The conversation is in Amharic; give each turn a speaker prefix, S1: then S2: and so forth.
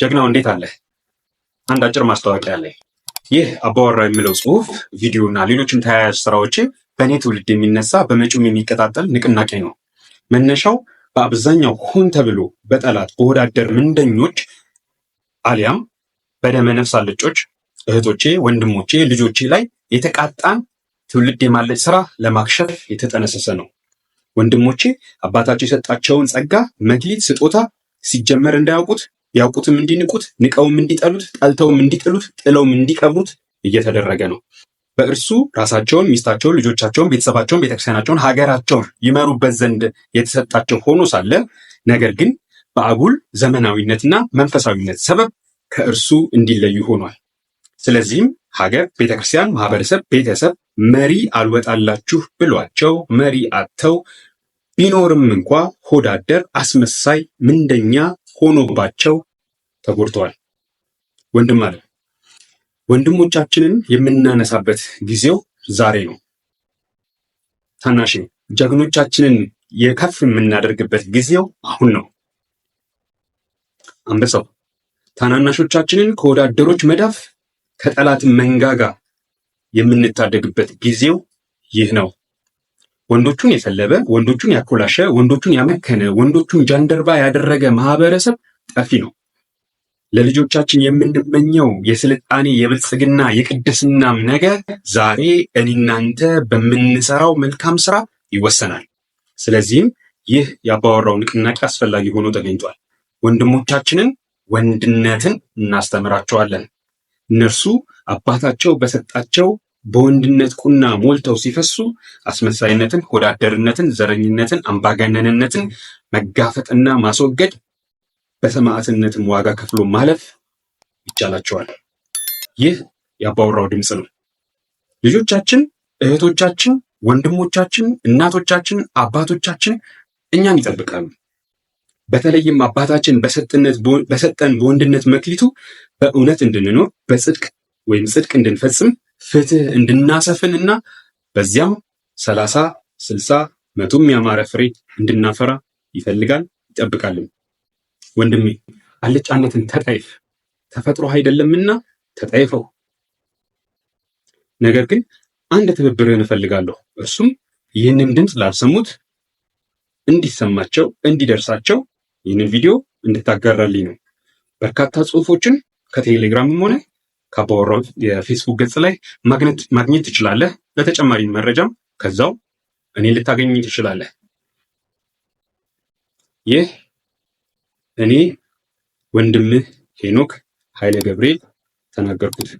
S1: ጀግናው እንዴት አለ? አንድ አጭር ማስታወቂያ አለ። ይህ አባወራ የሚለው ጽሁፍ ቪዲዮ እና ሌሎችም ተያያዥ ስራዎች በእኔ ትውልድ የሚነሳ በመጪውም የሚቀጣጠል ንቅናቄ ነው። መነሻው በአብዛኛው ሆን ተብሎ በጠላት በወዳደር ምንደኞች አሊያም በደመ ነፍስ አለጮች እህቶቼ፣ ወንድሞቼ፣ ልጆቼ ላይ የተቃጣን ትውልድ የማለጭ ስራ ለማክሸፍ የተጠነሰሰ ነው። ወንድሞቼ አባታቸው የሰጣቸውን ጸጋ፣ መክሊት፣ ስጦታ ሲጀመር እንዳያውቁት ያውቁትም እንዲንቁት፣ ንቀውም እንዲጠሉት፣ ጠልተውም እንዲጥሉት፣ ጥለውም እንዲቀብሩት እየተደረገ ነው። በእርሱ ራሳቸውን፣ ሚስታቸውን፣ ልጆቻቸውን፣ ቤተሰባቸውን፣ ቤተክርስቲያናቸውን፣ ሀገራቸውን ይመሩበት ዘንድ የተሰጣቸው ሆኖ ሳለ ነገር ግን በአጉል ዘመናዊነትና መንፈሳዊነት ሰበብ ከእርሱ እንዲለዩ ሆኗል። ስለዚህም ሀገር፣ ቤተክርስቲያን፣ ማህበረሰብ፣ ቤተሰብ መሪ አልወጣላችሁ ብሏቸው መሪ አጥተው ቢኖርም እንኳ ሆዳደር አስመሳይ ምንደኛ ሆኖባቸው ተጎድተዋል። ወንድም አለ ወንድሞቻችንን የምናነሳበት ጊዜው ዛሬ ነው። ታናሽ ጀግኖቻችንን የከፍ የምናደርግበት ጊዜው አሁን ነው። አንበሳው ታናናሾቻችንን ከወዳደሮች መዳፍ ከጠላት መንጋጋ የምንታደግበት ጊዜው ይህ ነው። ወንዶቹን የሰለበ፣ ወንዶቹን ያኮላሸ፣ ወንዶቹን ያመከነ፣ ወንዶቹን ጃንደርባ ያደረገ ማህበረሰብ ጠፊ ነው። ለልጆቻችን የምንመኘው የስልጣኔ የብልጽግና የቅድስናም ነገር ዛሬ እኔናንተ በምንሰራው መልካም ስራ ይወሰናል። ስለዚህም ይህ የአባወራው ንቅናቄ አስፈላጊ ሆኖ ተገኝቷል። ወንድሞቻችንን ወንድነትን እናስተምራቸዋለን። እነርሱ አባታቸው በሰጣቸው በወንድነት ቁና ሞልተው ሲፈሱ አስመሳይነትን፣ ሆዳደርነትን፣ ዘረኝነትን፣ አምባገነንነትን መጋፈጥና ማስወገድ በሰማዕትነትም ዋጋ ከፍሎ ማለፍ ይቻላቸዋል። ይህ የአባወራው ድምፅ ነው። ልጆቻችን፣ እህቶቻችን፣ ወንድሞቻችን፣ እናቶቻችን፣ አባቶቻችን እኛን ይጠብቃሉ። በተለይም አባታችን በሰጠን በወንድነት መክሊቱ በእውነት እንድንኖር በጽድቅ ወይም ጽድቅ እንድንፈጽም ፍትህ እንድናሰፍን እና በዚያም ሰላሳ ስልሳ መቶም ያማረ ፍሬ እንድናፈራ ይፈልጋል ይጠብቃልም። ወንድሜ አልጫነትን ተጠይፍ ተፈጥሮ አይደለምና ተጠይፈው። ነገር ግን አንድ ትብብርህን እፈልጋለሁ። እርሱም ይህንን ድምፅ ላልሰሙት እንዲሰማቸው እንዲደርሳቸው ይህንን ቪዲዮ እንድታጋራልኝ ነው። በርካታ ጽሁፎችን ከቴሌግራምም ሆነ ካባወራው የፌስቡክ ገጽ ላይ ማግኘት ትችላለህ። ለተጨማሪ መረጃም ከዛው እኔ ልታገኝ ትችላለህ። ይህ እኔ ወንድምህ ሄኖክ ኃይለ ገብርኤል ተናገርኩት።